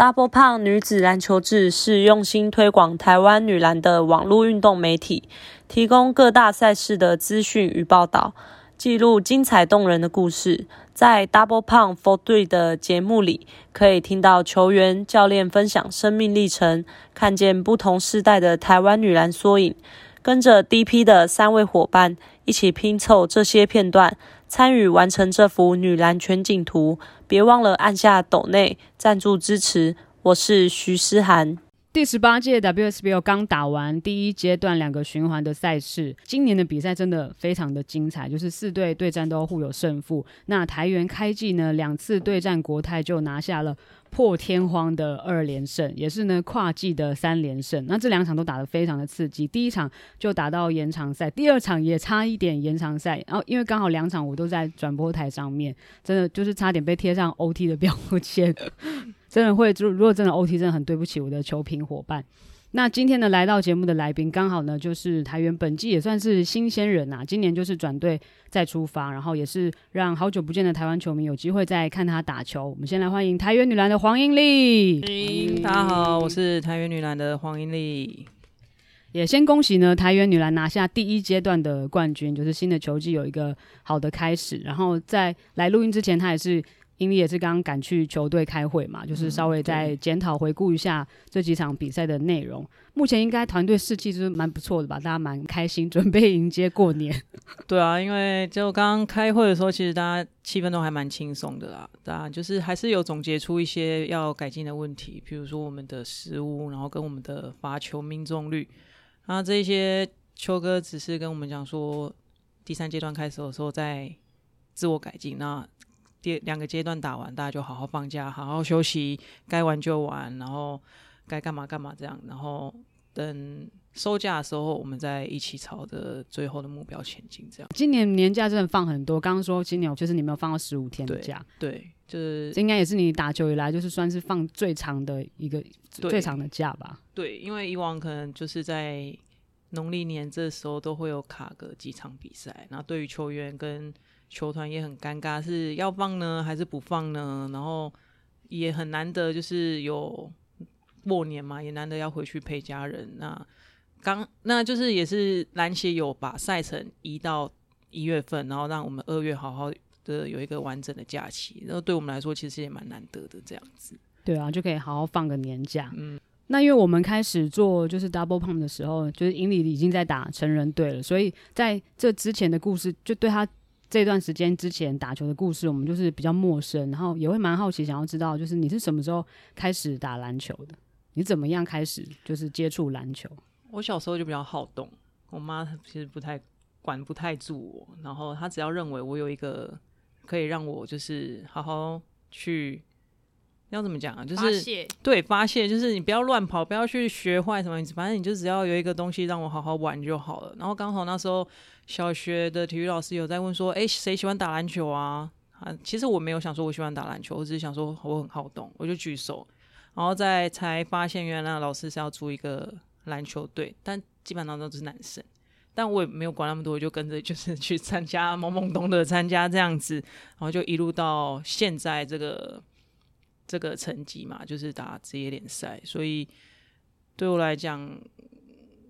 Double Pump 女子籃球誌是用心推廣台灣女籃的網絡運動媒體，提供各大賽事的資訊與報道，記錄精彩動人的故事。在 Double Pump For 隊的節目裡，可以聽到球員、教練分享生命歷程，看見不同世代的台灣女籃縮影。跟着 DP 的三位夥伴一起拼湊這些片段。參與完成這幅女籃全景圖，別忘了按下抖內贊助支持。我是徐詩涵。第十八屆 WSBL 剛打完第一階段兩個循環的賽事，今年的比賽真的非常的精彩，就是四隊對戰都互有勝負。那台元開季呢，兩次對戰國泰就拿下了。破天荒的二連勝，也是呢跨季的三連勝。那這兩場都打得非常的刺激，第一場就打到延長賽，第二場也差一點延長賽。然後，啊，因為剛好兩場我都在轉播台上面，真的就是差點被貼上 OT 的標籤， 真的會就如果真的 OT，真的很對不起我的球評夥伴。那今天呢，來到節目的來賓剛好呢，就是台元本季也算是新鮮人吶、啊，今年就是轉隊再出發，然後也是讓好久不見的台灣球迷有機會再看他打球。我們先來歡迎台元女籃的黃英利。大家好，我是台元女籃的黃英利。也先恭喜呢，台元女籃拿下第一階段的冠軍，就是新的球季有一個好的開始。然後在來錄音之前，她也是。因為也是剛剛趕去球隊開會嘛，就是稍微再檢討回顧一下這幾場比賽的內容，嗯、目前應該團隊士氣是蠻不錯的吧？大家蠻開心，準備迎接過年。對啊，因為就剛剛開會的時候，其實大家氣氛都還蠻輕鬆的啦。啊，就是還是有總結出一些要改進的問題，比如說我們的失誤，然後跟我們的罰球命中率。那這些邱哥只是跟我們講說，第三階段開始的時候在自我改進。那第兩個階段打完，大家就好好放假，好好休息，該玩就玩，然後該幹嘛幹嘛這樣，然後等收假的時候，我們再一起朝着最後的目標前進。這樣，今年年假真的放很多。剛剛說今年就是你沒有放到十五天的假。對，對，就是這應該也是你打球以來就是算是放最長的一個對最長的假吧？對，因為以往可能就是在農曆年這時候都會有卡個幾場比賽，那對於球員跟。球團也很尷尬，是要放呢還是不放呢？然後也很難得，就是有過年嘛，也難得要回去陪家人。那剛那就是也是籃協有把賽程移到一月份，然後讓我們二月好好的有一個完整的假期。然後對我們來說，其實也蠻難得的這樣子。對啊，就可以好好放個年假。嗯，那因為我們開始做就是 Double Pump 的時候，就是英利已經在打成人隊了，所以在這之前的故事就對他。這段時間之前打球的故事，我們就是比較陌生，然後也會蠻好奇，想要知道就是你是什麼時候開始打籃球的？你怎麼樣開始就是接觸籃球？我小時候就比較好動，我媽她其實不太管、不太住我，然後她只要認為我有一個可以讓我就是好好去。要怎麼講啊？就是發洩，對，發洩，就是你不要亂跑，不要去學壞，什麼意思。反正你就只要有一個東西讓我好好玩就好了。然後剛好那時候小學的體育老師有在問說：“哎，誰喜歡打籃球啊？”啊，其實我沒有想說我喜歡打籃球，我只是想說我很好動，我就舉手。然後再才發現原來老師是要組一個籃球隊，但基本上都是男生。但我也沒有管那麼多，我就跟着就是去參加懵懵懂懂的參加這樣子，然後就一路到現在這個。這個成績嘛，就是打職業聯賽，所以對我來講，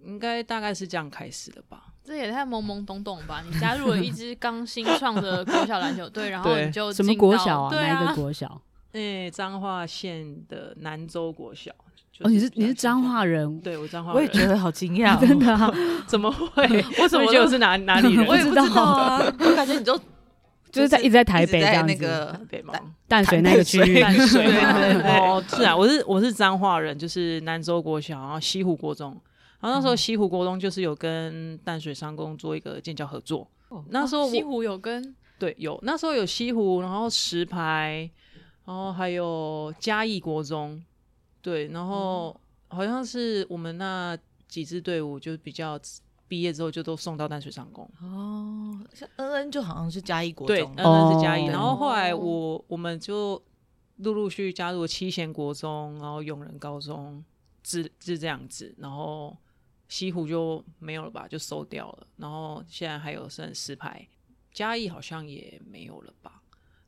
應該大概是這樣開始的吧。這也太懵懵懂懂吧？你加入了一支剛新創的國小籃球隊， 對然後你就進到什麼國小啊？對啊，哪一個國小？哎、欸，彰化縣的南州國小。就是、哦，你是你是彰化人？對，我彰化人。我也覺得好驚訝、哦 啊，真的、啊？ 怎麼會？ 我怎麼覺得我是哪哪裡人？ 我也不知道啊。我 感覺你就。就是在一直在台北在那個北門淡水那個區域，淡水哦？是啊，我是我是彰化人，就是南州國小，然後西湖國中，然後那時候西湖國中就是有跟淡水商工做一個建教合作，嗯、那時候、哦、西湖有跟對有那時候有西湖，然後石牌，然後還有嘉義國中，對，然後好像是我們那幾支隊伍就比較。畢業之後就都送到淡水上工哦，像恩恩就好像是嘉義國中，對，恩恩、哦、是嘉義對然後後來我我們就陸陸續續加入了七賢國中，然後永仁高中，是是這樣子。然後西湖就沒有了吧，就收掉了。然後現在還有剩十排，嘉義好像也沒有了吧？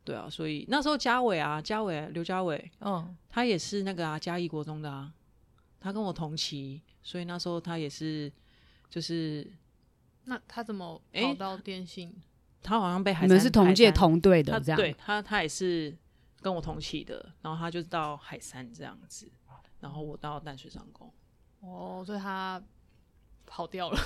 對啊，所以那時候嘉偉啊，嘉偉劉嘉偉，嗯，哦、他也是那個啊嘉義國中的啊，他跟我同期，所以那時候他也是。就是，那他怎麼跑到電信？欸、他好像被海，你們是同屆同隊的他他這樣，對他他也是跟我同期的，然後他就到海山這樣子，然後我到淡水商工。哦，所以他。跑掉了。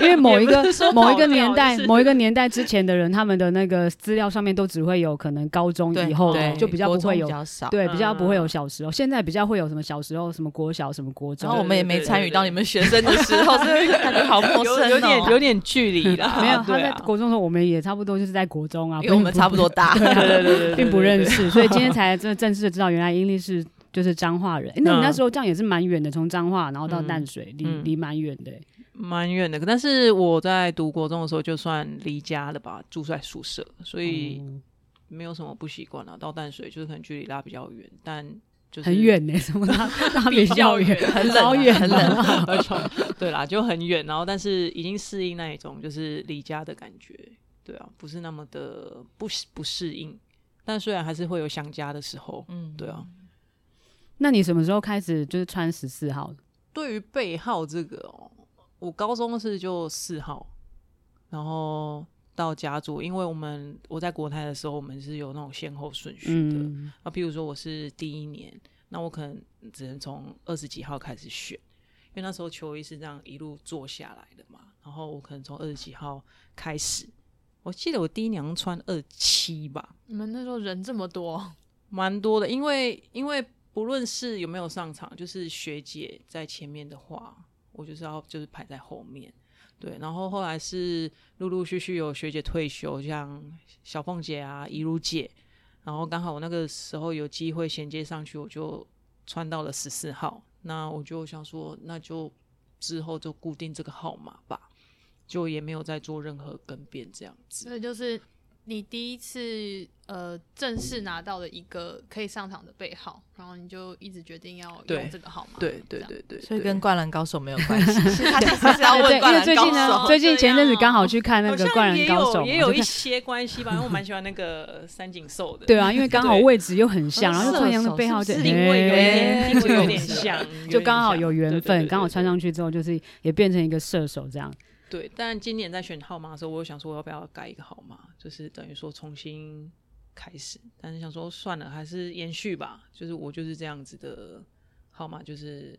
因為某一個某一個年代，某一個年代之前的人，他們的那個資料上面都只會有可能高中以後就比較不會有，對，比較不會有小時候，現在比較會有什麼小時候，什麼國小，什麼國中。然後我們也沒參與到你們學生的時候，是不是感覺好陌生，有點有點距離啦。沒有，他在國中的時候我們也差不多就是在國中啊，跟我們差不多大，對對對，並不認識，所以今天才真的正式的知道原來英利是。就是彰化人。欸，那你那時候這樣也是蠻遠的，從那彰化然後到淡水，離離蠻遠的。欸，蠻遠的。但是我在讀國中的時候，就算離家了吧，住在宿舍，所以沒有什麼不習慣啊。到淡水就是可能距離拉比較遠，但就是很遠哎。欸，什麼拉，拉比較遠，很老遠， 很冷啊。對啦，就很遠，然後但是已經適應那一種就是離家的感覺，對啊，不是那麼的不不適應，但雖然還是會有想家的時候，嗯，對啊。那你什麼時候開始就是穿十四號？對於背號這個哦、喔，我高中是就四號，然後到甲組，因為我們我在國泰的時候，我們是有那種先後順序的。嗯、那比如說我是第一年，那我可能只能從二十幾號開始選，因為那時候球衣是這樣一路做下來的嘛。然後我可能從二十幾號開始，我記得我第一年穿二七吧。你們那時候人這麼多？蠻多的，因為因為。不論是有沒有上場，就是學姐在前面的話，我就是要就是排在後面。對，然後後來是陸陸續續有學姐退休，像小鳳姐啊、怡如姐，然後剛好我那個時候有機會銜接上去，我就穿到了十四號。那我就想說，那就之後就固定這個號碼吧，就也沒有再做任何更變這樣子。這就是。你第一次呃，正式拿到了一個可以上場的背號，然後你就一直決定要用這個號碼。對對對對，所以跟灌籃高手沒有關係。因為最近呢，最近前陣子剛好去看那個灌籃高手，也有一些關係吧。因為我蠻喜歡那個三井壽的，對啊，因為剛好位置又很像，然後同樣的背號，定位有點有點像，就剛好有緣分，剛好穿上去之後就是也變成一個射手這樣。對，但今年在選號碼的時候，我又想說我要不要改一個號碼，就是等於說重新開始。但是想說算了，還是延續吧。就是我就是這樣子的號碼，就是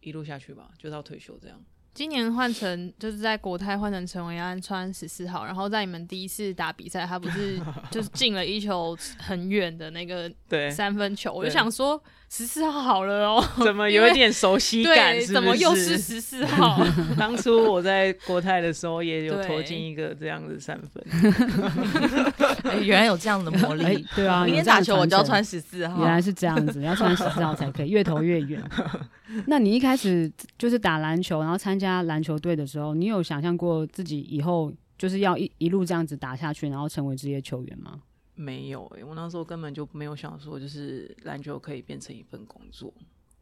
一路下去吧，就到退休這樣。今年換成就是在國泰換成陳維安穿十四號，然後在你們第一次打比賽，他不是就是進了一球很遠的那個三分球，我就想說。十四號好了哦，怎麼有點熟悉感是不是？怎麼又是十四號？當初我在國泰的時候也有投進一個這樣子三分對、 欸。原來有這樣的魔力。欸、對啊，明天打球我就要穿十四號。原來是這樣子，要穿十四號才可以越 投越遠。 那你一開始就是打籃球，然後參加籃球隊的時候，你有想象過自己以後就是要一一路這樣子打下去，然後成為職業球員嗎？沒有，欸，誒，我那時候根本就沒有想說，就是籃球可以變成一份工作。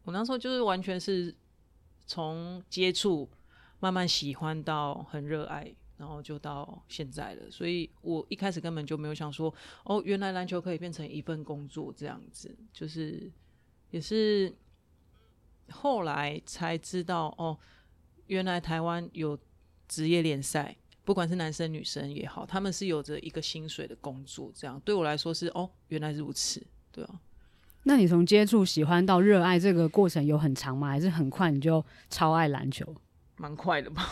我那時候就是完全是從接觸慢慢喜歡到很熱愛，然後就到現在了。所以我一開始根本就沒有想說，哦，原來籃球可以變成一份工作這樣子。就是也是後來才知道，哦，原來台灣有職業聯賽。不管是男生女生也好，他們是有着一個薪水的工作，這樣對我來說是哦，原來如此，對啊。那你從接觸喜歡到熱愛這個過程有很長嗎？還是很快你就超愛籃球？哦、蠻快的吧？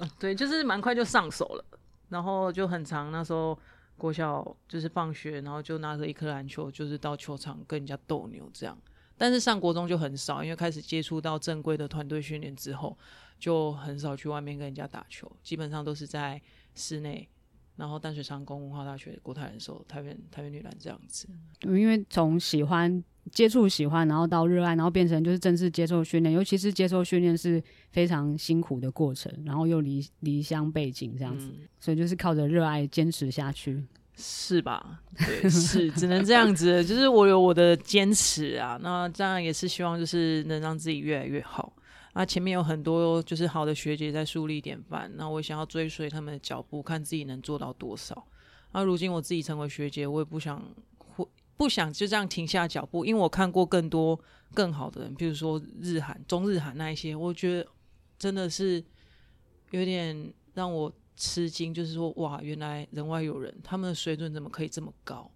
對，就是蠻快就上手了。然後就很常，那時候國校就是放學，然後就拿着一顆籃球，就是到球場跟人家鬥牛這樣。但是上國中就很少，因為開始接觸到正規的團隊訓練之後。就很少去外面跟人家打球，基本上都是在室內，然後淡水商工、文化大學、國泰人壽、台北台北女籃這樣子。因為從喜歡、接觸喜歡，然後到熱愛，然後變成就是正式接受訓練，尤其是接受訓練是非常辛苦的過程，然後又離離鄉背井這樣子，嗯、所以就是靠着熱愛堅持下去，是吧？對，是只能這樣子， 就是我有我的堅持啊。那這樣也是希望就是能讓自己越來越好。啊，前面有很多就是好的學姐在樹立典範，那我想要追隨他們的腳步，看自己能做到多少。那、啊、如今我自己成為學姐，我也不想不不想就這樣停下腳步，因為我看過更多更好的人，比如說日韓、中日韓那一些，我覺得真的是有點讓我吃驚，就是說哇，原來人外有人，他們的水準怎麼可以這麼高？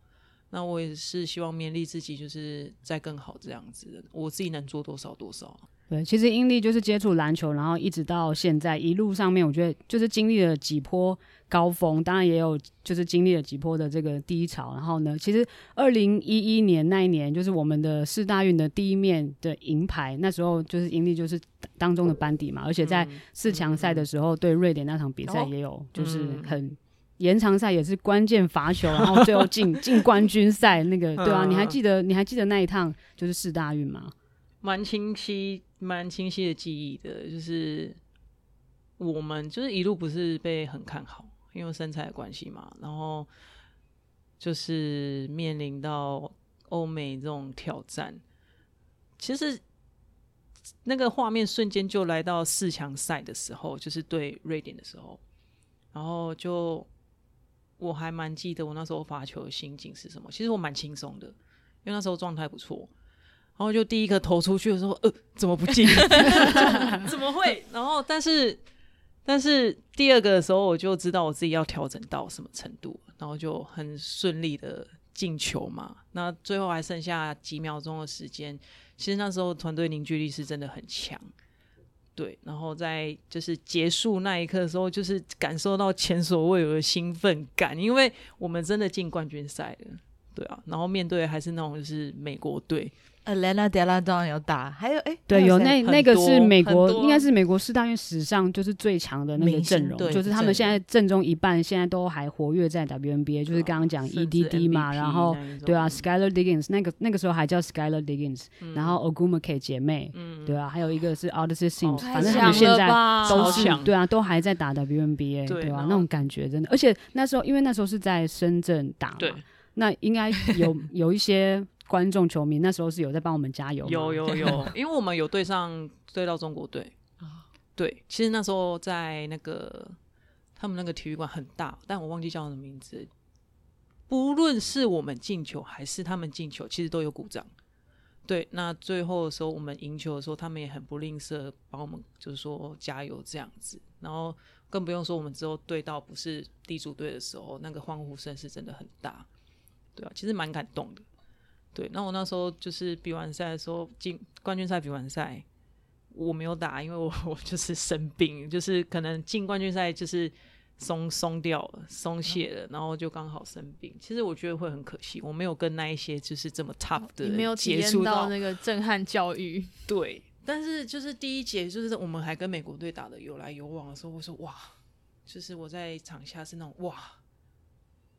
那我也是希望勉勵自己，就是再更好這樣子的，我自己能做多少多少。對，其實英利就是接觸籃球，然後一直到現在，一路上面，我覺得就是經歷了幾波高峰，當然也有就是經歷了幾波的這個低潮。然後呢，其實二零一一年那一年，就是我們的世大運的第一面的銀牌，那時候就是英利就是當中的班底嘛，而且在四強賽的時候對瑞典那場比賽也有，就是很延長賽也是關鍵罰球，然後最後進進 冠軍賽那個，對啊，你還記得你還記得那一趟就是世大運嗎？蠻清晰。蠻清晰的記憶的，就是我們就是一路不是被很看好，因為身材的關係嘛，然後就是面臨到歐美這種挑戰。其實那個畫面瞬間就來到四強賽的時候，就是對瑞典的時候，然後就我還蠻記得我那時候罰球的心境是什麼。其實我蠻輕鬆的，因為那時候狀態不錯。然後就第一個投出去的時候，呃，怎麼不進？ 怎麼會？然後，但是，但是第二個的時候，我就知道我自己要調整到什麼程度，然後就很順利的進球嘛。那最後還剩下幾秒鐘的時間，其實那時候團隊凝聚力是真的很強，對。然後在就是結束那一刻的時候，就是感受到前所未有的興奮感，因為我們真的進冠軍賽了，對啊。然後面對還是那種就是美國隊。呃，Elena Delle Donne 有打，還有哎，對，有那那個是美國，應該是美國世大運史上就是最強的那個陣容，就是他們現在陣中一半現在都還活躍在 WNBA，就是剛剛講 EDD 嘛，然後對啊，Skylar Diggins 那個那個時候還叫 Skylar Diggins，然後 Ogwumike 姐妹，對啊，還有一個是 Odyssey Sims，反正現在都是對啊，都還在打 WNBA，對啊，那種感覺真的，而且那時候因為那時候是在深圳打嘛，那應該有有一些。觀眾、球迷那時候是有在幫我們加油？有，有有有， 因為我們有對上對到中國隊啊。哦，對，其實那時候在那個他們那個體育館很大，但我忘記叫什麼名字，不論是我們進球還是他們進球，其實都有鼓掌。對，那最後的時候我們贏球的時候，他們也很不吝嗇幫我們，就是說加油這樣子。然後更不用說我們之後對到不是地主隊的時候，那個歡呼聲是真的很大，對啊，其實蠻感動的。對，那我那時候就是比完賽的時候進冠軍賽，比完賽我沒有打，因為我我就是生病，就是可能進冠軍賽就是鬆鬆掉了鬆懈了，然後就剛好生病。其實我覺得會很可惜，我沒有跟那一些就是這麼 tough 的人接觸到，也沒有體驗到那個震撼教育。對，但是就是第一節就是我們還跟美國隊打得有來有往的時候，我說哇，就是我在場下是那種哇，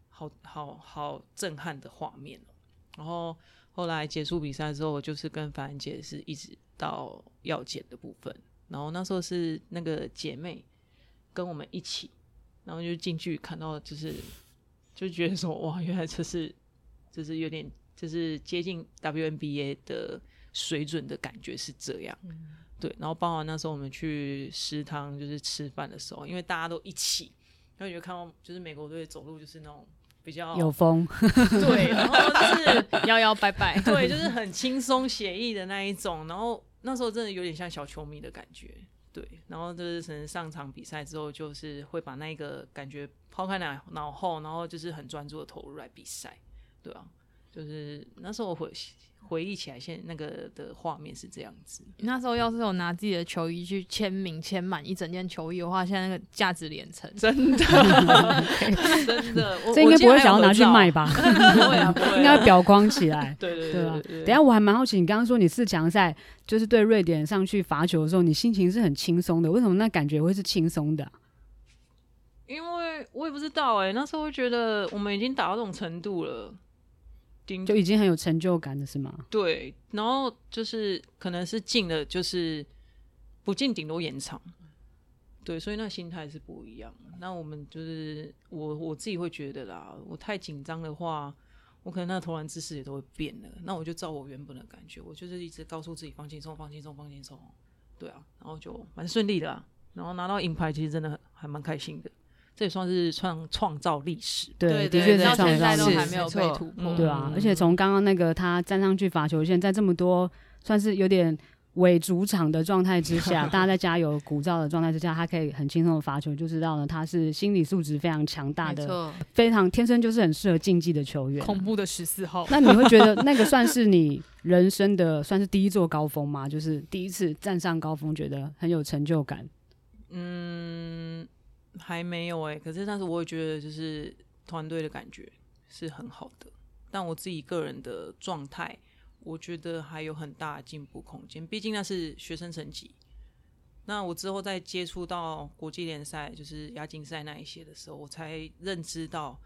好好好震撼的畫面。然後後來結束比賽之後，我就是跟樊姐，是一直到藥檢的部分。然後那時候是那個姐妹跟我們一起，然後就進去看到，就是就覺得說哇，原來這是，這是有點，這是接近 WNBA 的水準的感覺是這樣。嗯、對，然後包含那時候我們去食堂就是吃飯的時候，因為大家都一起，然後就看到就是美國隊走路就是那種。比較有風， 對，然後就是搖搖擺擺， 對，就是很輕鬆寫意的那一種。然後那時候真的有點像小球迷的感覺，對。然後就是可能上場比賽之後，就是會把那個感覺拋開來腦後，然後就是很專注的投入來比賽，對啊。就是那時候我回回憶起來，現在那個的畫面是這樣子。那時候要是有拿自己的球衣去簽名，簽滿一整件球衣的話，現在那個價值連城，真的真的。這應該不會想要拿去賣吧？應該會。裱框起來。 對，對，對對對。對啊，等下我還蠻好奇，你剛剛說你四強賽就是對瑞典上去罰球的時候，你心情是很輕鬆的，為什麼那感覺會是輕鬆的？因為我也不知道哎、欸，那時候我會覺得我們已經打到這種程度了。就已經很有成就感了，是嗎？對，然後就是可能是進了，就是不進頂多延長，對，所以那心態是不一樣。那我們就是我我自己會覺得啦，我太緊張的話，我可能那投籃姿勢也都會變的。那我就照我原本的感覺，我就是一直告訴自己放輕鬆，放輕鬆，放輕鬆，對啊，然後就蠻順利的啦。然後拿到銀牌，其實真的還蠻開心的。這也算是創創造歷史，對，的確到現在都還沒有被突破，嗯、對啊。嗯、而且從剛剛那個他站上去罰球線，在這麼多算是有點偽主場的狀態之下，呵呵大家在加油鼓噪的狀態之下，他可以很輕鬆的罰球，就知道呢，他是心理素質非常強大的，錯非常天生就是很適合競技的球員。恐怖的十四號，那你會覺得那個算是你人生的算是第一座高峰嗎？ 就是第一次站上高峰，覺得很有成就感？還沒有誒、欸，可是但是我也覺得，就是團隊的感覺是很好的。但我自己個人的狀態，我覺得還有很大進步空間。畢竟那是學生成績。那我之後再接觸到國際聯賽，就是亞錦賽那一些的時候，我才認知到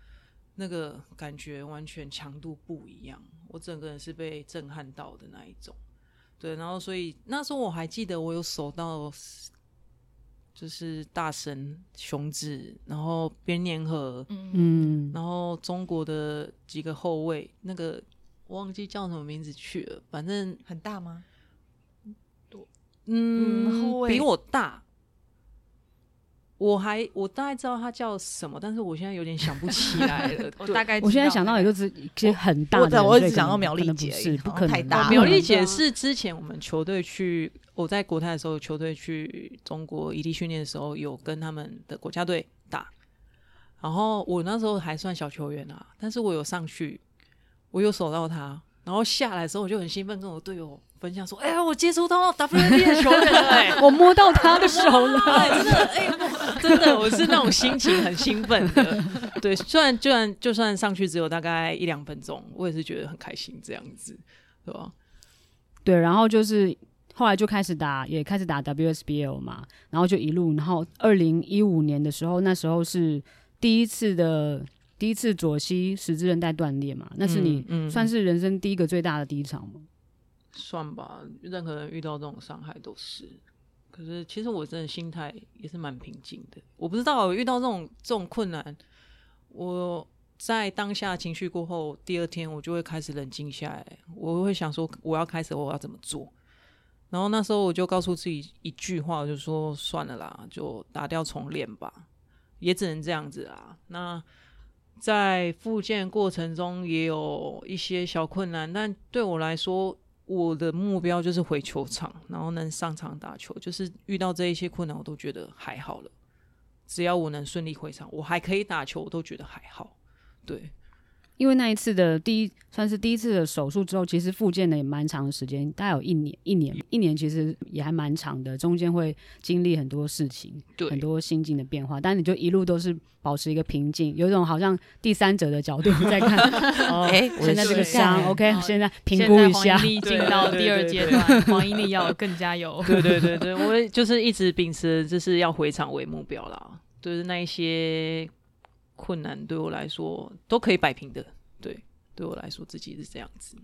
那個感覺完全強度不一樣。我整個人是被震撼到的那一種。對，然後所以那時候我還記得，我有守到。就是大神雄子，然後邊年和，嗯，然後中國的幾個後衛，那個忘記叫什麼名字去了，反正很大嗎？多嗯，嗯後衛比我大。我還我大概知道他叫什麼，但是我現在有點想不起來了。 對我大概我現在想到也就是我其實很大的，我一直想到苗立傑，是，不可能，啊太大啊。苗立傑是之前我們球隊去，我在國泰的時候，球隊去中國異地訓練的時候，有跟他們的國家隊打。然後我那時候還算小球員啊，但是我有上去，我有守到他，然後下來的時候我就很興奮，跟我隊友分享說：“哎、欸、呀，我接觸到 w b a 的球員， 對我摸到他的手了，真的，哎、欸，真的， 我是那種心情很興奮的。對，雖然就算就算上去只有大概一兩分鐘，我也是覺得很開心，這樣子，是吧？對，然後就是後來就開始打，也開始打 WSBL 嘛，然後就一路，然後二零一五年的時候，那時候是第一次的第一次左膝十字韌帶斷裂嘛，那是你算是人生第一個最大的低潮嗎？”嗯嗯算吧，任何人遇到這種傷害都是。可是其實我真的心態也是蠻平靜的。我不知道遇到這種這種困難，我在當下情緒過後，第二天我就會開始冷靜下來。我會想說，我要開始，我要怎麼做？然後那時候我就告訴自己一句話，我就說算了啦，就打掉重練吧，也只能這樣子啦。那在復健過程中也有一些小困難，但對我來說。我的目標就是回球場，然後能上場打球。就是遇到這一些困難，我都覺得還好了。只要我能順利回場，我還可以打球，我都覺得還好。對。因為那一次的第一，算是第一次的手術之後，其實復健的也蠻長的時間，大概有一年、一年、一年，其實也還蠻長的。中間會經歷很多事情，對很多心境的變化，但你就一路都是保持一個平靜，有一種好像第三者的角度在看。 哦，欸、我現在這個傷，OK，現在評估一下，黃英利進到第二階段，對對對對，黃英利要更加有。 對對對對，我就是一直秉持就是要回場為目標啦，就是那一些困難對我來說都可以擺平的，對，對我來說自己是這樣子。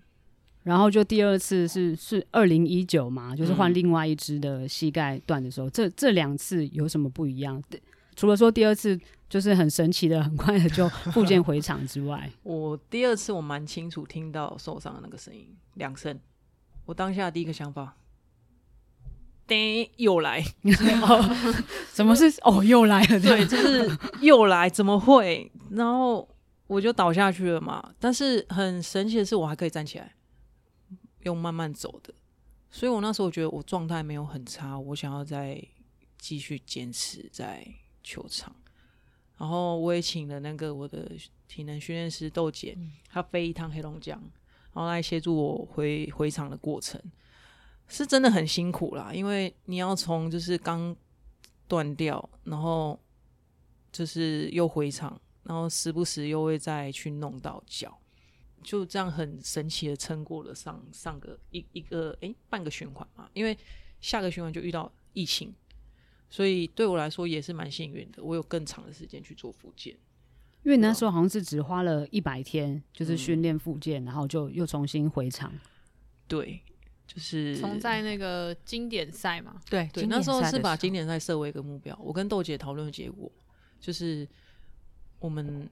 然後就第二次是是二零一九嘛，就是換另外一隻的膝蓋斷的時候，嗯、這這兩次有什麼不一樣的？除了說第二次就是很神奇的，很快的就復健回場之外， 我第二次我蠻清楚聽到受傷的那個聲音兩聲，我當下第一個想法。等又來， 什麼是 哦？又來了， 對，就是又來，怎麼會？然後我就倒下去了嘛。但是很神奇的是，我還可以站起來，用慢慢走的。所以我那時候我覺得我狀態沒有很差，我想要再繼續堅持在球場。然後我也請了那個我的體能訓練師豆姐，她、嗯、飛一趟黑龍江，然後來協助我回回場的過程。是真的很辛苦啦，因為你要從就是剛斷掉，然後就是又回場，然後時不時又會再去弄到腳，就這樣很神奇的撐過了上上個一一個哎、欸、半個循環嘛，因為下個循環就遇到疫情，所以對我來說也是蠻幸運的，我有更長的時間去做復健。因為你那時候好像是只花了一百天，就是訓練復健，嗯、然後就又重新回場。對。就是從在那個經典賽嘛，對對，那時候是把經典賽設為一個目標。我跟豆姐討論的結果就是，我們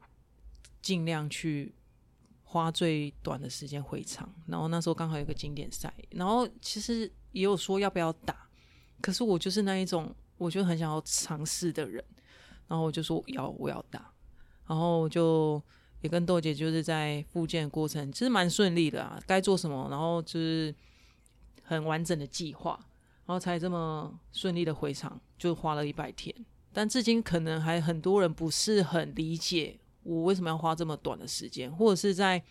盡量去花最短的時間回場。然後那時候剛好有個經典賽，然後其實也有說要不要打，可是我就是那一種，我就很想要嘗試的人。然後我就說我要我要打，然後就也跟豆姐就是在復健的過程，其實蠻順利的啊，該做什麼，然後就是。很完整的計劃，然後才這麼順利的回場，就花了一百天。但至今可能還很多人不是很理解我為什麼要花這麼短的時間，或者是在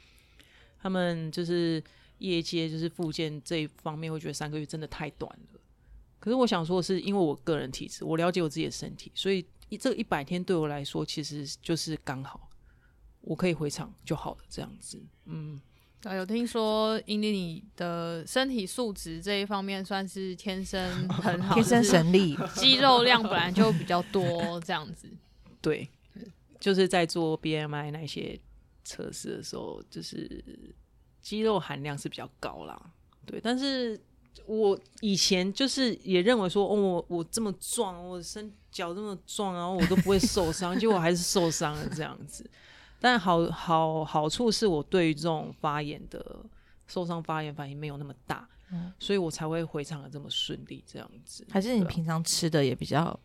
他們就是業界就是復健這一方面，會覺得三個月真的太短了。可是我想說的是因為我個人體質，我了解我自己的身體，所以這一百天對我來說其實就是剛好，我可以回場就好了，這樣子，嗯。有、啊，有聽說，因為你的身體素質這一方面算是天生很好，天生神力，肌肉量本來就比較多，這樣子。 對，就是在做 BMI 那些測試的時候，就是肌肉含量是比較高啦。對，但是我以前就是也認為說，哦，我我這麼壯，我身腳這麼壯，然後我都不會受傷， 結果我還是受傷了，這樣子。但好好好處是我對於這種發炎的受傷發炎反應沒有那麼大，嗯、所以我才會回場的這麼順利，這樣子。還是你平常吃的也比較，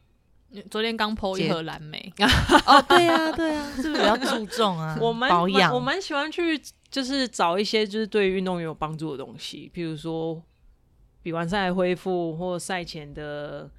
對昨天剛剖一盒藍莓。 哦，對呀、啊，對呀、啊， 是不是比較注重啊？我們滿養我們喜歡去就是找一些就是對運動員有幫助的東西，比如說比完賽恢復或賽前的。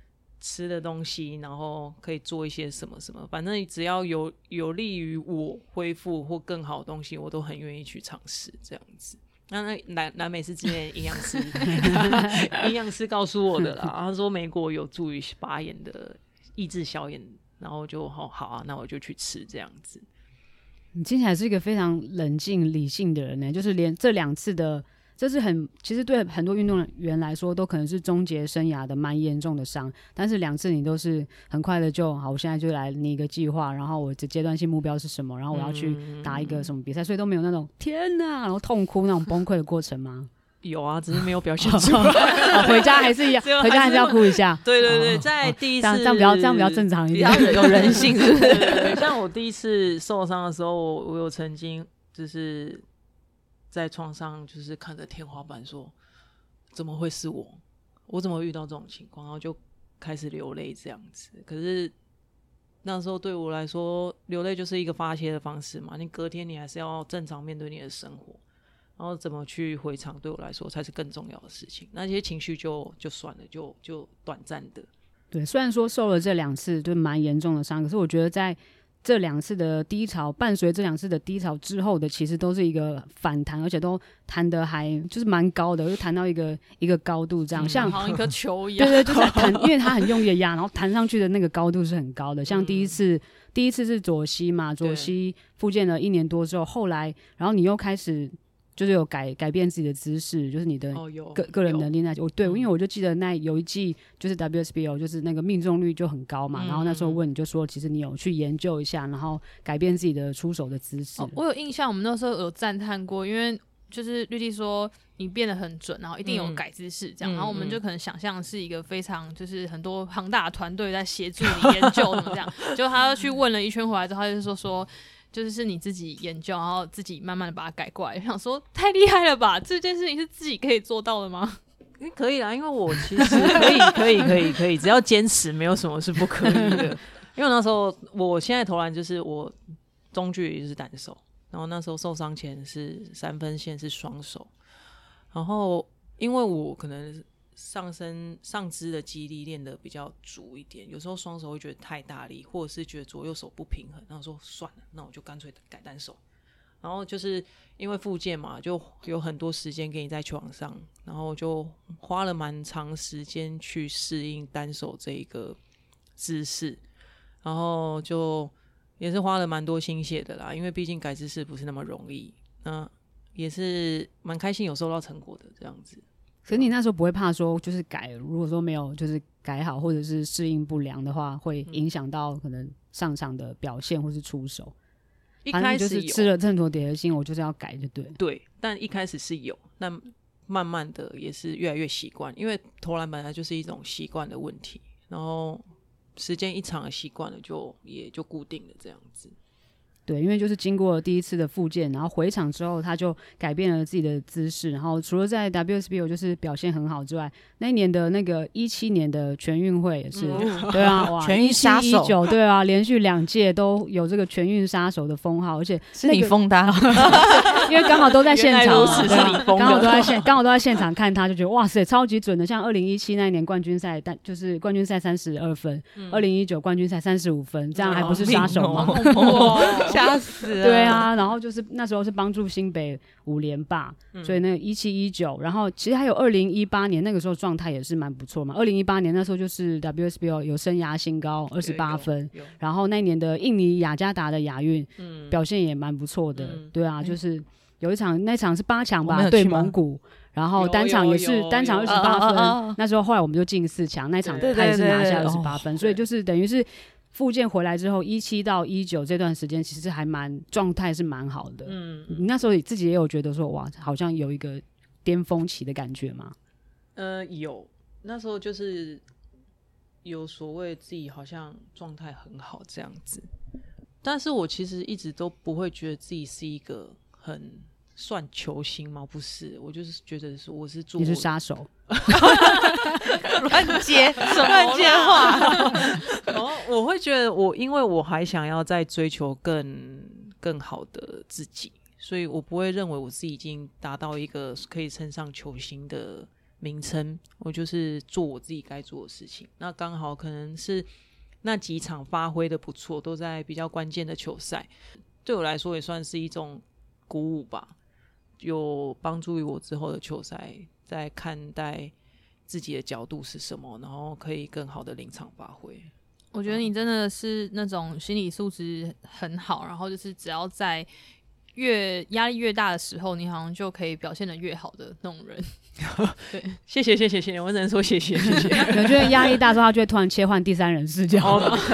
吃的東西，然後可以做一些什麼什麼，反正只要有有利於我恢復或更好的東西，我都很願意去嘗試這樣子。那、啊、南南美是之前營養師，營養 師告訴我的啦。 他說美國有助於發炎的，抑制消炎，然後就好好啊，那我就去吃這樣子。你聽起來是一個非常冷靜理性的人呢、欸，就是連這兩次的。這是很，其實對很多運動員來說，都可能是終結生涯的蠻嚴重的傷。但是兩次你都是很快的就好，我現在就來擬一個計劃，然後我的階段性目標是什麼，然後我要去打一個什麼比賽，所以都沒有那種天哪，然後痛哭那種崩潰的過程嗎？有啊，只是沒有表現出來、 哦。回家還是一樣，回家還是要哭一下。對，對對對，哦、在第一次、哦、這樣這樣比較這樣比較正常一點，有人性，是不是？ 像我第一次受傷的時候，我我有曾經就是。在床上就是看着天花板說：“怎麼會是我？我怎麼遇到這種情況？”然後就開始流淚這樣子。可是那時候對我來說，流淚就是一個發洩的方式嘛。你隔天你還是要正常面對你的生活，然後怎麼去回場，對我來說才是更重要的事情。那些情緒就就算了，就就短暫的。對，雖然說受了這兩次就蠻嚴重的傷，可是我覺得在。這兩次的低潮，伴隨這兩次的低潮之後的，其實都是一個反彈，而且都彈得還就是蠻高的，就彈到一個一個高度這樣。像、嗯、像一顆球一樣， 對、對、對對，就是 彈，因為它很用力的壓，然後彈上去的那個高度是很高的。像第一次，嗯、第一次是左膝嘛，左膝復健了一年多之後，對後來，然後你又開始。就是有改改變自己的姿勢，就是你的個、哦、個人能力那哦有對，嗯、因為我就記得那有一季就是 WSBL，就是那個命中率就很高嘛。嗯、然後那時候問你就說，其實你有去研究一下，然後改變自己的出手的姿勢，哦。我有印象，我們那時候有讚嘆過，因為就是綠地說你變得很準，然後一定有改姿勢這樣。嗯、然後我們就可能想象是一個非常就是很多龐大的團隊在協助你研究，怎麼這樣。 就他就去問了一圈回來之後，他就說說。就是是你自己研究，然後自己慢慢的把它改過來。想說太厲害了吧？這件事情是自己可以做到的嗎？欸、可以啊，因為我其實可以， 可以，可以，可以，可以，只要堅持，沒有什麼是不可以的。 因為那時候，我現在投籃就是我中距離是單手，然後那時候受傷前是三分線是雙手，然後因為我可能。上身上肢的肌力練的比較足一點，有時候雙手會覺得太大力，或者是覺得左右手不平衡，然後說算了，那我就乾脆改單手。然後就是因為復健嘛，就有很多時間給你在床上，然後就花了蠻長時間去適應單手這一個姿勢，然後就也是花了蠻多心血的啦，因為畢竟改姿勢不是那麼容易，那也是蠻開心有收到成果的這樣子。可是你那時候不會怕說，就是改，如果說沒有就是改好，或者是適應不良的話，會影響到可能上場的表現或是出手？一開始就是吃了秤砣鐵了心，我就是要改就對。對，但一開始是有，但慢慢的也是越來越習慣，因為投籃本來就是一種習慣的問題，然後時間一長習慣了就，就也就固定了這樣子。對，因為就是經過了第一次的復健，然後回場之後他就改變了自己的姿勢，然後除了在 WSBL 就是表現很好之外，那一年的那個一七年的全運會也是，嗯、對啊，哇全運殺手，17, 19, 對啊，連續兩屆都有這個全運殺手的封號，而且、那個、是李峰封的， 因為剛好都在現場，剛好都在現剛好都在現場看他就覺得哇塞，超級準的，像二零一七那一年冠軍賽但就是冠軍賽三十二分，二零一九冠軍賽三十五分，這樣還不是殺手嗎？ 嚇死！對啊，然後就是那時候是幫助新北五連霸，嗯、所以那個一七一九，然後其實還有二零一八年那個時候狀態也是蠻不錯嘛。二零一八年那時候就是 WSBL 有生涯新高二十八分，然後那一年的印尼雅加達的亞運，嗯、表現也蠻不錯的。嗯、對啊，就是有一場那場是八強吧，對蒙古，然後單場也是單場二十八分。有有有有有那時候後來我們就進四強，那場他也是拿下二十八分，對對對對對所以就是等於是。復健回來之後，一七到一九這段時間其實還蠻，狀態是蠻好的。嗯，嗯，你那時候自己也有覺得說，哇，好像有一個巔峰期的感覺嗎？呃，有，那時候就是有所謂自己好像狀態很好這樣子，但是我其實一直都不會覺得自己是一個很。算球星嗎？不是，我就是覺得是，我是做我你是殺手，亂接什麼亂接話。然 後、oh, 我會覺得我，我因為我還想要再追求更更好的自己，所以我不會認為我自己已經達到一個可以稱上球星的名稱。我就是做我自己該做的事情。那剛好可能是那幾場發揮的不錯，都在比較關鍵的球賽，對我來說也算是一種鼓舞吧。有幫助於我之後的球賽，在看待自己的角度是什麼，然後可以更好的臨場發揮。我覺得你真的是那種心理素質很好，然後就是只要在。越壓力越大的時候，你好像就可以表現得越好的那種人。對，謝謝謝謝謝謝，我只能說謝謝謝謝。我覺得壓力大之後，他就會突然切換第三人視角。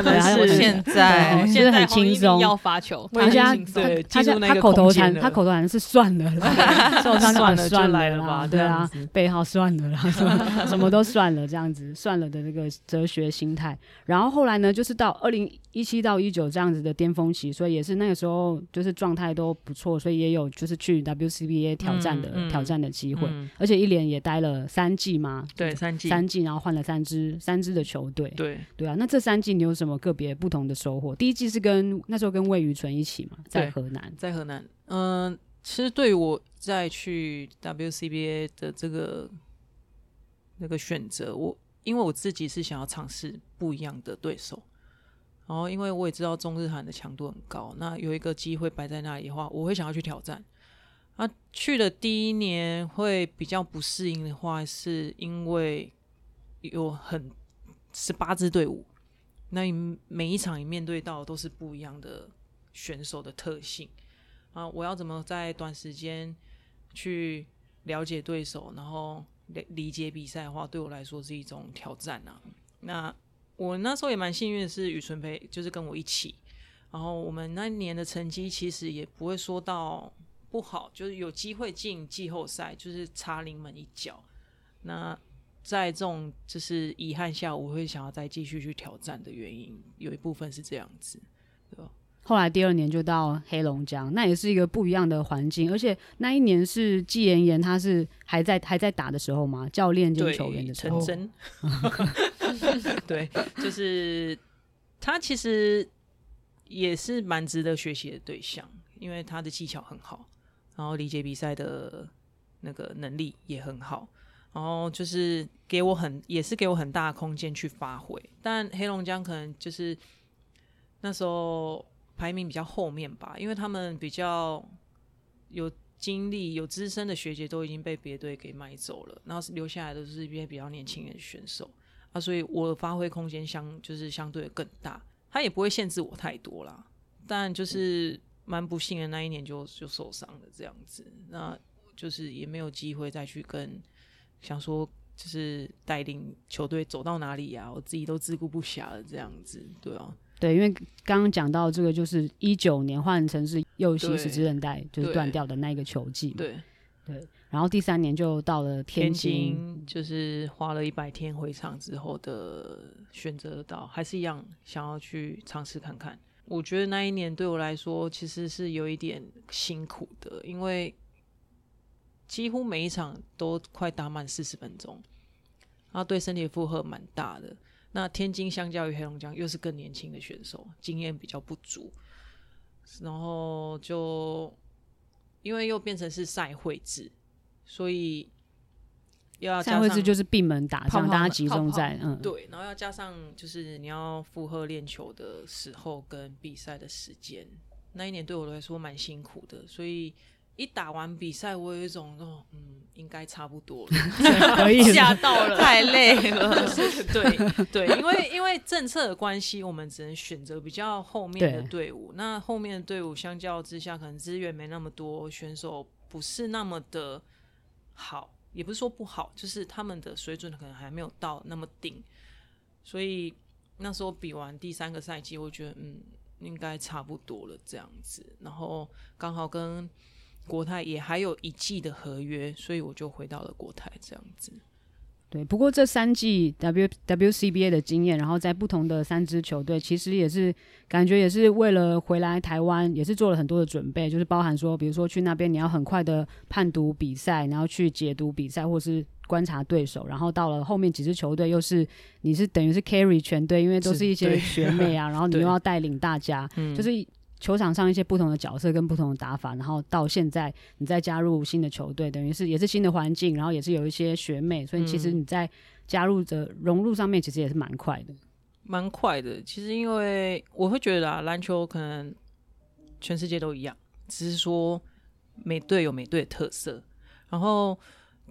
對，現在現在很輕鬆，要罰球，很輕鬆。他他口頭禪，他口頭禪是算了，算了算了算來了吧，對啊，背號算了然後了，什麼都算了這樣子，算了的那個哲學心態。然後後來呢，就是到二零一七到一九這樣子的巔峰期，所以也是那個時候，就是狀態都不。錯，所以也有就是去 WCBA 挑戰的、嗯嗯、挑戰的機會，嗯、而且一連也待了三季嘛，對，三季，三季，然後換了三支三支的球隊，對，對啊，那這三季你有什麼個別不同的收穫？第一季是跟那時候跟魏宇純一起嘛，在河南，在河南，嗯，其實對於我在去 WCBA 的這個那、這個選擇，我因為我自己是想要嘗試不一樣的對手。然後，因為我也知道中日韓的強度很高，那有一個機會擺在那裡的話，我會想要去挑戰。啊，去的第一年會比較不適應的話，是因為有很十八支隊伍，那你每一場你面對到的都是不一樣的選手的特性啊，我要怎麼在短時間去了解對手，然後理理解比賽的話，對我來說是一種挑戰啊。那我那時候也蠻幸運的是，宇純培就是跟我一起，然後我們那一年的成績其實也不會說到不好，就是有機會進季後賽，就是差臨門一腳。那在這種就是遺憾下，我會想要再繼續去挑戰的原因，有一部分是這樣子。後來第二年就到黑龍江，那也是一個不一樣的環境，而且那一年是季妍妍，她是還在還在打的時候嘛，教練就球員的時候。成真， 對，就是他其實也是蠻值得學習的對象，因為他的技巧很好，然後理解比賽的那個能力也很好，然後就是給我很也是給我很大的空間去發揮，但黑龍江可能就是那時候。排名比較後面吧，因為他們比較有經歷、有資深的學姐都已經被別隊給買走了，然後留下來的都是一些比較年輕的選手啊，所以我發揮空間相就是相對更大，他也不會限制我太多啦。但就是蠻不幸的，那一年就就受傷了這樣子，那就是也沒有機會再去跟想說就是帶領球隊走到哪裡呀，啊，我自己都自顧不暇了這樣子，對啊。對，因為剛剛講到這個，就是一九年換成是右膝十字韌帶對就是斷掉的那一個球季嘛，對，對。然後第三年就到了天津，天津就是花了一百天回場之後的選擇到，還是一樣想要去嘗試看看。我覺得那一年對我來說其實是有一點辛苦的，因為幾乎每一場都快打滿四十分鐘，然後對身體負荷蠻大的。那天津相較於黑龍江，又是更年輕的選手，經驗比較不足，然後就因為又變成是賽會制，所以又要賽會制，就是閉門打仗，大家泡集中在泡泡，嗯，對，然後要加上就是你要負荷練球的時候跟比賽的時間，那一年對我來說蠻辛苦的，所以。一打完比賽，我有一種哦，嗯，應該差不多了，嚇 到了， 太累了、就是，對對，因為因為政策的關係，我們只能選擇比較後面的隊伍。對那後面的隊伍相較之下，可能資源沒那麼多，選手不是那麼的好，也不是說不好，就是他們的水準可能還沒有到那麼頂。所以那時候比完第三個賽季，我覺得嗯，應該差不多了這樣子，然後剛好跟。國泰也還有一季的合約，所以我就回到了國泰這樣子。對，不過這三季 W W C B A 的經驗，然後在不同的三支球隊，其實也是感覺也是為了回來台灣，也是做了很多的準備，就是包含說，比如說去那邊你要很快的判讀比賽，然後去解讀比賽，或是觀察對手，然後到了後面幾支球隊又是你是等於是 carry 全隊，因為都是一些學妹啊，對然後你又要帶領大家，對就是。嗯球場上一些不同的角色跟不同的打法，然後到現在你再加入新的球隊，等於是也是新的環境，然後也是有一些學妹，所以其實你在加入的融入上面其實也是蠻快的，嗯，蠻快的。其實因為我會覺得啊，籃球可能全世界都一樣，只是說每隊有每隊的特色。然後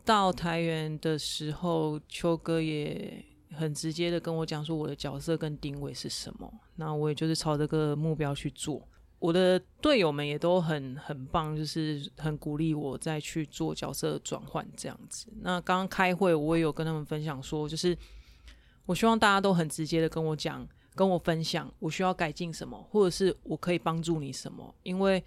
到台元的時候，秋哥也很直接的跟我講說我的角色跟定位是什麼，那我也就是朝這個目標去做。我的隊友們也都很很棒，就是很鼓勵我再去做角色轉換這樣子。那剛剛開會，我也有跟他們分享說，就是我希望大家都很直接的跟我講，跟我分享我需要改進什麼，或者是我可以幫助你什麼。因為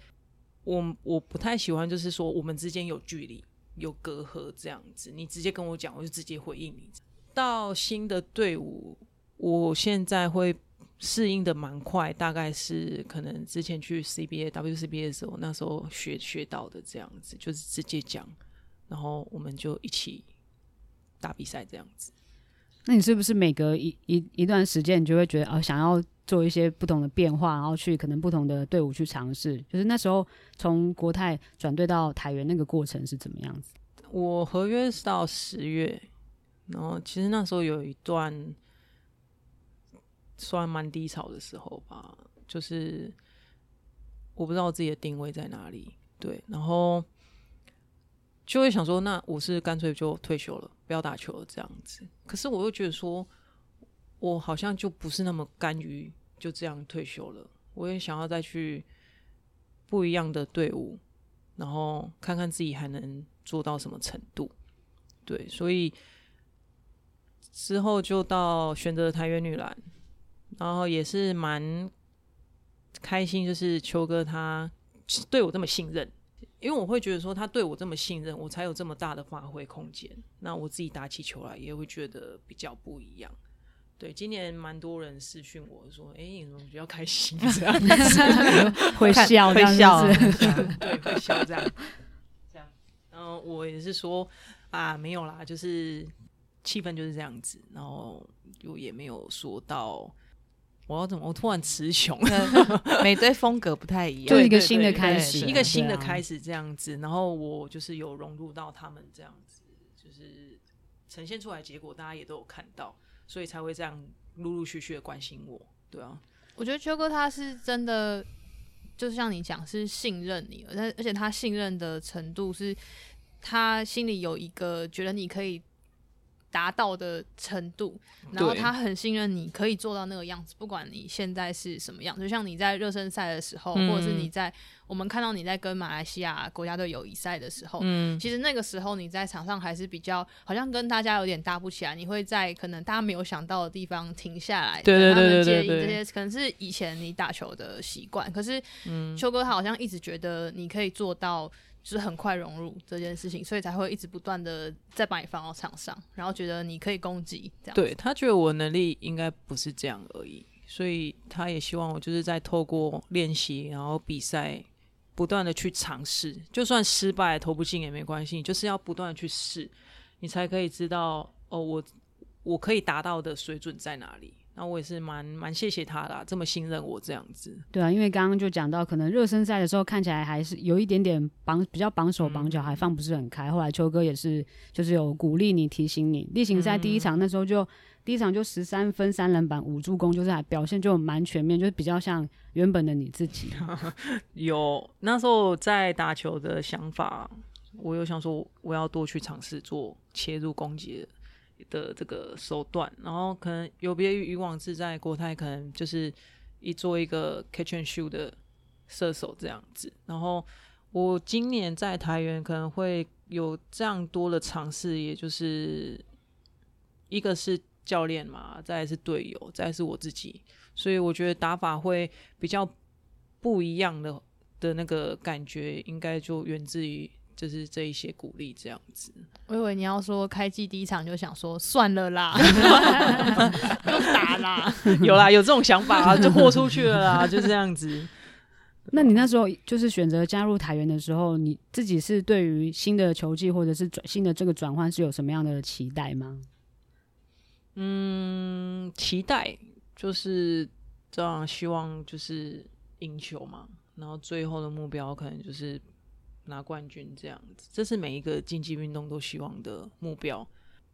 我我不太喜歡，就是說我們之間有距離、有隔閡這樣子。你直接跟我講，我就直接回應你。到新的隊伍，我現在會。適應的蠻快，大概是可能之前去 CBA、WCBA 的時候，那時候學學到的這樣子，就是直接講，然後我們就一起打比賽這樣子。那你是不是每隔一一一段時間，你就會覺得啊，想要做一些不同的變化，然後去可能不同的隊伍去嘗試？就是那時候從國泰轉隊到台元，那個過程是怎麼樣子？我合約是到十月，然後其實那時候有一段。算蠻低潮的時候吧，就是我不知道我自己的定位在哪裡，對，然後就會想說，那我是乾脆就退休了，不要打球了這樣子。可是我又覺得說，我好像就不是那麼甘於就這樣退休了，我也想要再去不一樣的隊伍，然後看看自己還能做到什麼程度，對，所以之後就到選擇台元女籃。然後也是蠻開心，就是秋哥他對我這麼信任，因為我會覺得說他對我這麼信任，我才有這麼大的發揮空間。那我自己打起球來也會覺得比較不一樣。對，今年蠻多人私訊我說：“哎，你怎麼比較開心？”這樣子會， 笑，會， 笑，是是 對，會笑這樣，這樣。然後我也是說啊，沒有啦，就是氣氛就是這樣子，然後又也沒有說到。我要怎麼？我突然詞窮， 每隊風格不太一樣，就一個新的開始 對對對，一個新的開始這樣子。然後我就是有融入到他們這樣子，就是呈現出來的結果，大家也都有看到，所以才會這樣陸陸續續的關心我，對啊。我覺得秋哥他是真的，就是像你講，是信任你，但而且他信任的程度是，他心裡有一個覺得你可以。達到的程度，然後他很信任你可以做到那個樣子，對不管你現在是什麼樣子。就像你在熱身賽的時候，嗯、或者是你在我們看到你在跟馬來西亞國家隊友誼賽的時候，嗯、其實那個時候你在場上還是比較，好像跟大家有點搭不起來。你會在可能大家沒有想到的地方停下來，對對對對對，他們建議，這些可能是以前你打球的習慣。可是，秋哥他好像一直覺得你可以做到。就是很快融入這件事情，所以才會一直不斷的再把你放到場上，然後覺得你可以攻擊。這樣子。對，他覺得我能力應該不是這樣而已，所以他也希望我就是再透過練習，然後比賽，不斷的去嘗試，就算失敗投不進也沒關係，就是要不斷的去試，你才可以知道哦，我我可以達到的水準在哪裡。那、啊、我也是蠻蠻謝謝他的、啊，這麼信任我這樣子。對啊，因為剛剛就講到，可能熱身賽的時候看起來還是有一點點綁，比較綁手綁腳，嗯、還放不是很開。後來秋哥也是就是有鼓勵你、提醒你，例行賽第一場那時候就、嗯、第一場就十三分三籃板五助攻，就是還表現就蠻全面，就是比較像原本的你自己。 有，那時候在打球的想法，我又想說我要多去嘗試做切入攻擊的這個手段，然後可能有別於以往是在國泰可能就是一做一個 catch and shoot 的射手這樣子，然後我今年在台元，可能會有這樣多的嘗試，也就是一個是教練嘛，再來是隊友，再來是我自己，所以我覺得打法會比較不一樣的的那個感覺，應該就源自於。就是這一些鼓勵這樣子，我以為你要說開季第一場就想說算了啦，不用 打啦。有啦，有這種想法啊，就豁出去了啦， 就這樣子。那你那時候就是選擇加入台元的時候，你自己是對於新的球季或者是轉新的這個轉換是有什麼樣的期待嗎？嗯，期待就是這樣，希望就是贏球嘛，然後最後的目標可能就是。拿冠軍這樣子，這是每一個競技運動都希望的目標。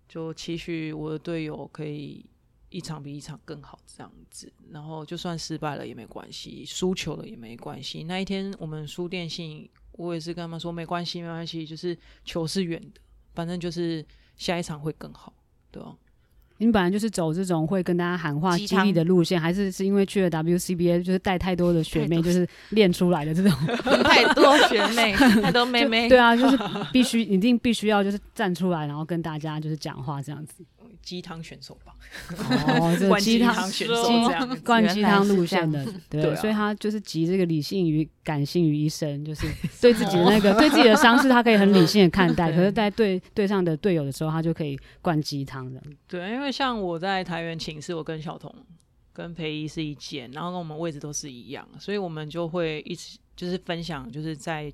就期許我的隊友可以一場比一場更好這樣子，然後就算失敗了也沒關係，輸球了也沒關係。那一天我們輸電信，我也是跟他們說沒關係，沒關係，就是球是圓的，反正就是下一場會更好，對吧？你本來就是走這種會跟大家喊話激勵的路線，還是是因為去了 WCBA，就是帶太多的學妹，就是練出來的這種太多學妹，太多妹妹。對啊，就是必須一定必須要就是站出來，然後跟大家就是講話這樣子。雞湯選手吧。哦，這是雞湯選手，灌雞湯路線的，對，所以他就是集這個理性與感性於一身，就是對自己的那個對自己的傷勢，他可以很理性的看待，可是，在對對上的隊友的時候，他就可以灌雞湯的。對，因因為像我在台元寢室，我跟小彤、跟培姨是一間，然後跟我們位置都是一樣，所以我們就會一直就是分享，就是在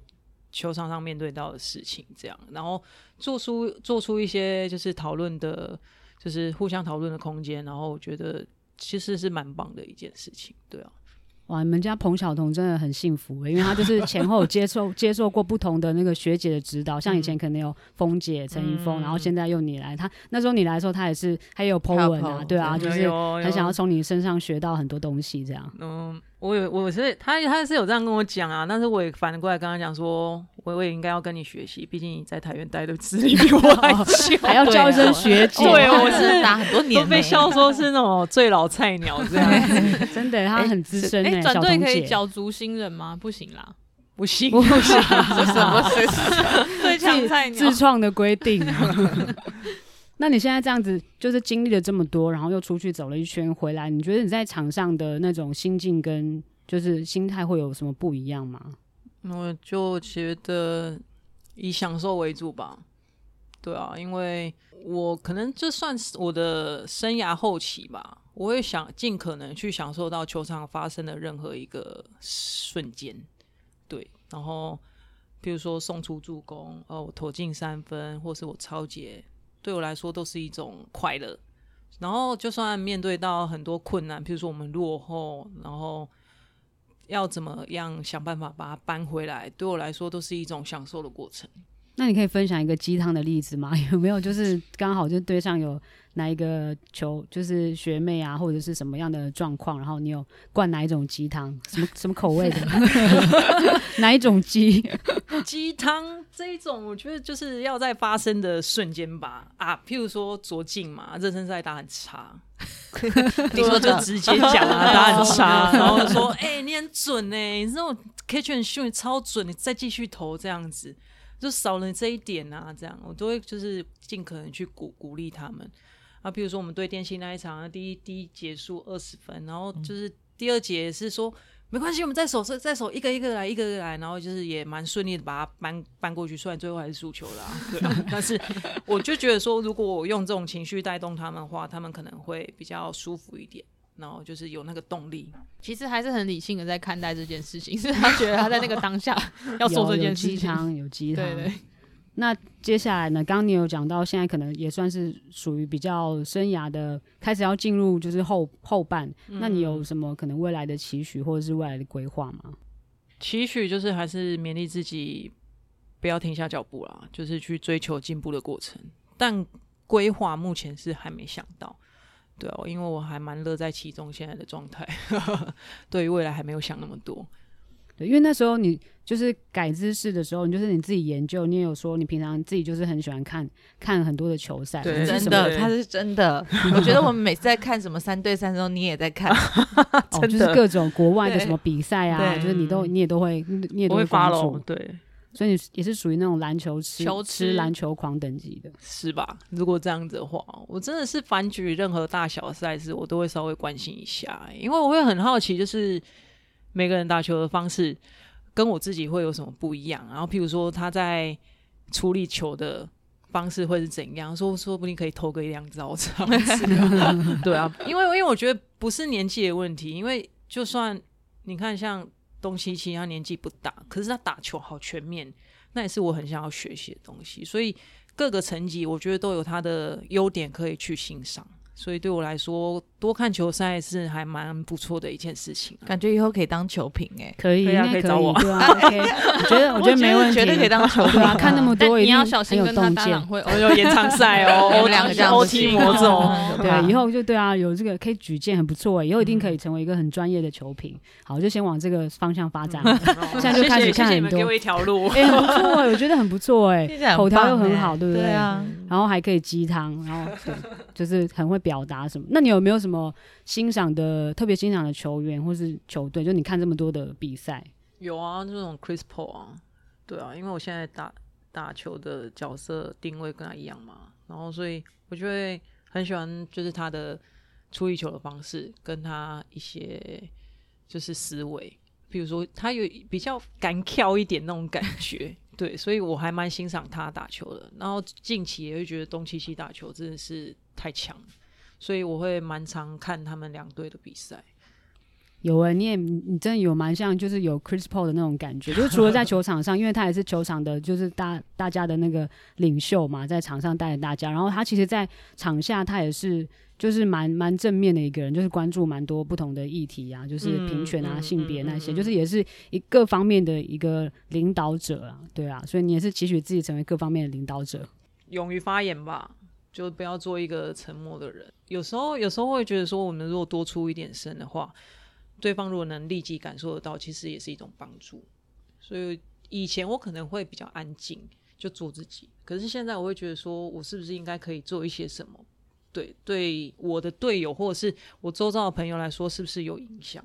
球場上面對到的事情，這樣，然後做出做出一些就是討論的，就是互相討論的空間，然後我覺得其實是蠻棒的一件事情，對啊。哇，你們家彭曉彤真的很幸福欸，因為她就是前後有接受 接受過不同的那個學姐的指導，像以前可能有風姐、陳一峰，嗯、然後現在又你來，她那時候你來的時候，她也是，她也有 po 文啊，跑對啊，就是很想要從你身上學到很多東西，這樣。我有我是他他是有這樣跟我講啊，但是我也反過來跟他講，說，我我也應該要跟你學習，畢竟你在台元待的資歷比我還久，還要叫一聲學姐，對我是打很多年， 都被笑說是那種最老菜鳥，這樣子 真的他很資深哎，轉隊可以角逐新人嗎？不行啦，不行，不行，什麼最強菜鳥？自創的規定。 那你現在這樣子，就是經歷了這麼多，然後又出去走了一圈回來，你覺得你在場上的那種心境跟就是心態會有什麼不一樣嗎？我就覺得以享受為主吧。對啊，因為我可能這算是我的生涯後期吧，我會想盡可能去享受到球場發生的任何一個瞬間。對，然後比如說送出助攻，哦，我投進三分，或是我抄截。對我來說都是一種快樂，然後就算面對到很多困難，譬如說我們落後，然後要怎麼樣想辦法把它搬回來，對我來說都是一種享受的過程。那你可以分享一個雞湯的例子嗎？有沒有就是剛好就堆上有哪一個球，就是學妹啊，或者是什麼樣的狀況，然後你有灌哪一種雞湯，什麼什麼口味的， 哪一種雞雞湯這一種，我覺得就是要在發生的瞬間吧啊，譬如說卓敬嘛，熱身賽打很差， 你說就直接講、啊，打很差，然後說，哎、 欸，你很準呢、欸，你這種 catch and shoot 超準，你再繼續投這樣子。就少了這一點啊，這樣我都會就是盡可能去鼓鼓勵他們啊。比如說我們對電信那一場，第一第一節輸二十分，然後就是第二節是說、嗯、沒關係，我們再守再守一個一個來，一個一個來，然後就是也蠻順利的把它搬搬過去，雖然最後還是輸球了，對、啊、 但是我就覺得說，如果我用這種情緒帶動他們的話，他們可能會比較舒服一點。然後就是有那個動力，其實還是很理性的在看待這件事情，是他覺得他在那個當下 要做這件事情。有雞湯，有雞湯,對對。那接下來呢？剛剛你有講到現在，可能也算是屬於比較生涯的開始，要進入就是後後半。嗯、那你有什麼可能未來的期許，或者是未來的規劃嗎？期許就是還是勉勵自己不要停下腳步啦，就是去追求進步的過程。但規劃目前是還沒想到。對、啊，因為我還蠻樂在其中現在的狀態，呵呵對於未來還沒有想那麼多。對，因為那時候你就是改姿勢的時候，你就是你自己研究，你也有說你平常自己就是很喜歡看看很多的球賽，對的真的，他是真的。 我覺得我們每次在看什麼三對三的時候，你也在看、 哦，就是各種國外的什麼比賽啊，就是你都你也都會你也都會關注，follow, 對。所以你也是屬於那種籃球吃，球吃，吃籃球狂等級的，是吧？如果這樣子的話，我真的是凡舉任何大小賽事，我都會稍微關心一下，欸，因為我會很好奇，就是每個人打球的方式跟我自己會有什麼不一樣。然後，譬如說他在處理球的方式會是怎樣，說說不定可以偷個一兩招這樣子。 對啊，因為因為我覺得不是年紀的問題，因為就算你看像。東西其實他年紀不大，可是他打球好全面，那也是我很想要學習的東西。所以各個層級，我覺得都有他的優點可以去欣賞。所以對我來說。多看球賽是還蠻不錯的一件事情，感覺以後可以當球評哎，可以，可以找我。我覺得我覺得沒問題，絕對可以當球評。看那麼多，但你要小心跟他搭檔會，有延長賽哦，哦，兩個這樣子。對，以後就對啊，有這個可以舉薦，很不錯哎，以後一定可以成為一個很專業的球評。好，就先往這個方向發展，現在就開始看很多。謝謝你們給我一條路，哎，不錯，我覺得很不錯哎，口條又很好，對不對啊？然後還可以雞湯，然後就是很會表達什麼。那你有沒有什麼？什麼欣賞的特別欣賞的球員或是球隊？就你看這麼多的比賽，有啊，這種 Chris Paul 啊，對啊，因為我現在打打球的角色定位跟他一樣嘛，然後所以我就會很喜歡，就是他的處理球的方式，跟他一些就是思維，比如說他有比較敢跳一點那種感覺，對，所以我還蠻欣賞他打球的。然後近期也會覺得東契奇打球真的是太強。所以我會蠻常看他們兩隊的比賽。有誒、欸，你也你真的有蠻像，就是有 Chris Paul 的那種感覺。 就是除了在球場上，因為他也是球場的，就是大大家的那個領袖嘛，在場上帶領大家。然後他其實，在場下他也是，就是蠻蠻正面的一個人，就是關注蠻多不同的議題啊，就是平權啊、嗯、性別那些，嗯嗯嗯、就是也是一個方面的一個領導者啊。對啊，所以你也是期許自己成為各方面的領導者，勇於發言吧。就不要做一個沉默的人。有時候，有時候會覺得說，我們如果多出一點聲的話，對方如果能立即感受得到，其實也是一種幫助。所以以前我可能會比較安靜，就做自己。可是現在我會覺得說，我是不是應該可以做一些什麼？對，對我的隊友或者是我周遭的朋友來說，是不是有影響？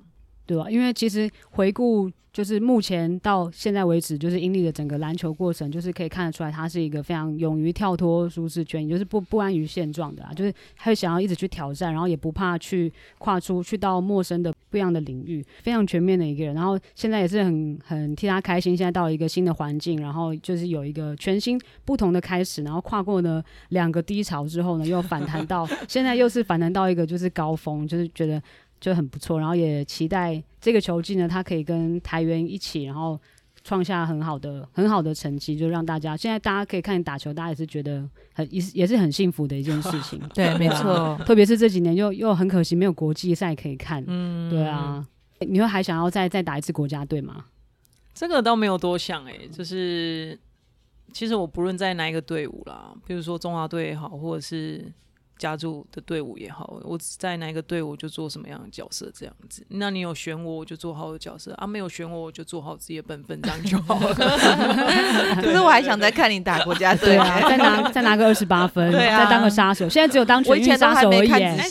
對吧？因為其實回顧就是目前到現在為止，就是英利的整個籃球過程，就是可以看得出來，他是一個非常勇於跳脫舒適圈，也就是不不安於現狀的啊，就是他會想要一直去挑戰，然後也不怕去跨出去到陌生的不一樣的領域，非常全面的一個人。然後現在也是很很替他開心，現在到了一個新的環境，然後就是有一個全新不同的開始，然後跨過呢兩個低潮之後呢，又反彈到 現在又是反彈到一個就是高峰，就是覺得。就很不錯，然後也期待這個球季呢，他可以跟台元一起，然後創下很好的、很好的成績，就讓大家現在大家可以看你打球，大家也是覺得很也是也是很幸福的一件事情。 對，沒錯， 特別是這幾年又又很可惜沒有國際賽可以看。嗯，對啊，你會還想要再再打一次國家隊嗎？這個倒沒有多想，誒，就是其實我不論在哪一個隊伍啦，比如說中華隊也好，或者是。加入的隊伍也好，我在哪個隊伍就做什麼樣的角色這樣子。那你有選我，我就做好我的角色啊；沒有選我，我就做好自己的本分，這樣就好了。 可是我還想再看你打國家隊啊 對嗎，再拿再拿個二十八分， 對啊，再當個殺手。現在只有當全運殺手，我以前都我還沒看仔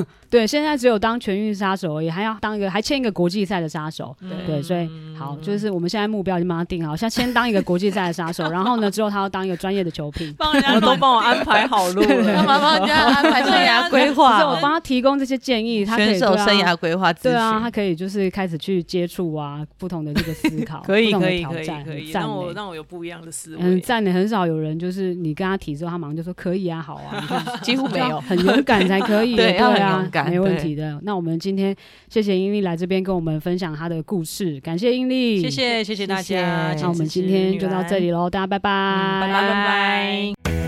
細 對，現在只有當全運殺手而已，還要當一個還欠一個國際賽的殺手。對，所以好就是我們現在目標已經幫他定好，像先當一個國際賽的殺手，然後呢，之後他要當一個專業的球評，都幫我安排好路。幹嘛幫人家安排生涯規劃？我幫他提供這些建議，他可以選手生涯規劃。對啊，他可以就是開始去接觸啊，不同的這個思考，不同的挑戰，可以讓我讓我有不一樣的思維。嗯，讚的。很少有人就是你跟他提之後，他馬上就說可以啊，好啊，幾乎沒有，很勇敢才可以，對啊。沒問題的。對那我們今天謝謝英利來這邊跟我們分享她的故事，感謝英利，謝謝謝謝大家。謝謝，那我們今天就到這裡嘍，大家拜拜，嗯、拜拜。拜拜。